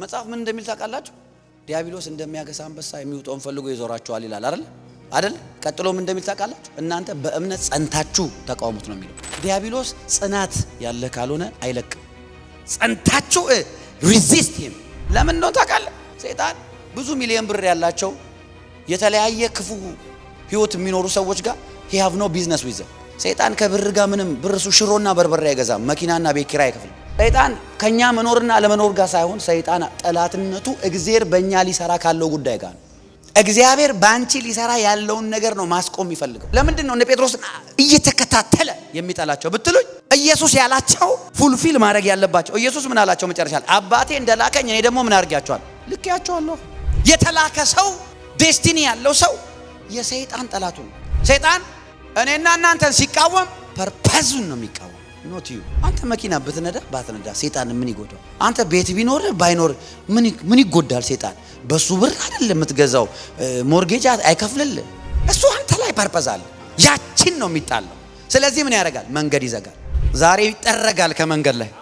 መጽሐፍ ምን እንደሚል ታውቃላችሁ? ዲያብሎስ እንደሚያገሳ አንበሳ የሚውጠውን ፈልጎ ይዞራችኋል ይላል አይደል አይደል? ቀጥሎ ምን እንደሚል ታውቃላችሁ? እናንተ በእምነት ጸንታችሁ ተቃውሙት ነው የሚለው። ዲያብሎስ ጽናት ያለ ካልሆነ አይለቅም። ጸንታችሁ ሪዚስት ሂም። ለምን እንደሆነ ታውቃለህ? ሰይጣን ብዙ ሚሊዮን ብር ያላቸው የተለያየ ክፉ ህይወት የሚኖሩ ሰዎች ጋር ሂ ሃቭ ኖ ቢዝነስ ዊዘ ሰይጣን ከብር ጋር ምንም ብር እሱ ሽሮና በርበሬ አይገዛም። መኪናና ቤት ኪራይ አይከፍልም። ሰይጣን ከኛ መኖርና ለመኖር ጋር ሳይሆን ሰይጣን ጠላትነቱ እግዚአብሔር በእኛ ሊሰራ ካለው ጉዳይ ጋር ነው። እግዚአብሔር በአንቺ ሊሰራ ያለውን ነገር ነው ማስቆም የሚፈልገው። ለምንድን ነው እንደ ጴጥሮስ እየተከታተለ የሚጠላቸው ብትሉኝ፣ ኢየሱስ ያላቸው ፉልፊል ማድረግ ያለባቸው። ኢየሱስ ምን አላቸው? መጨረሻ አባቴ እንደላከኝ እኔ ደግሞ ምን አድርጊያቸዋል? ልኬያቸዋለሁ። የተላከ ሰው ዴስቲኒ ያለው ሰው የሰይጣን ጠላቱ ነው። ሰይጣን እኔና እናንተን ሲቃወም ፐርፐዙን ነው የሚቃወም ኖት ዩ አንተ መኪና ብትነዳ ባትነዳ ሴጣን ምን ይጎዳል? አንተ ቤት ቢኖር ባይኖር ምን ይጎዳል? ሴጣን በሱ ብር አይደለም የምትገዛው፣ ሞርጌጅ አይከፍልልህ እሱ አንተ ላይ ፐርፐዝ አለ። ያችን ነው የሚጣለው። ስለዚህ ምን ያደርጋል? መንገድ ይዘጋል። ዛሬ ይጠረጋል ከመንገድ ላይ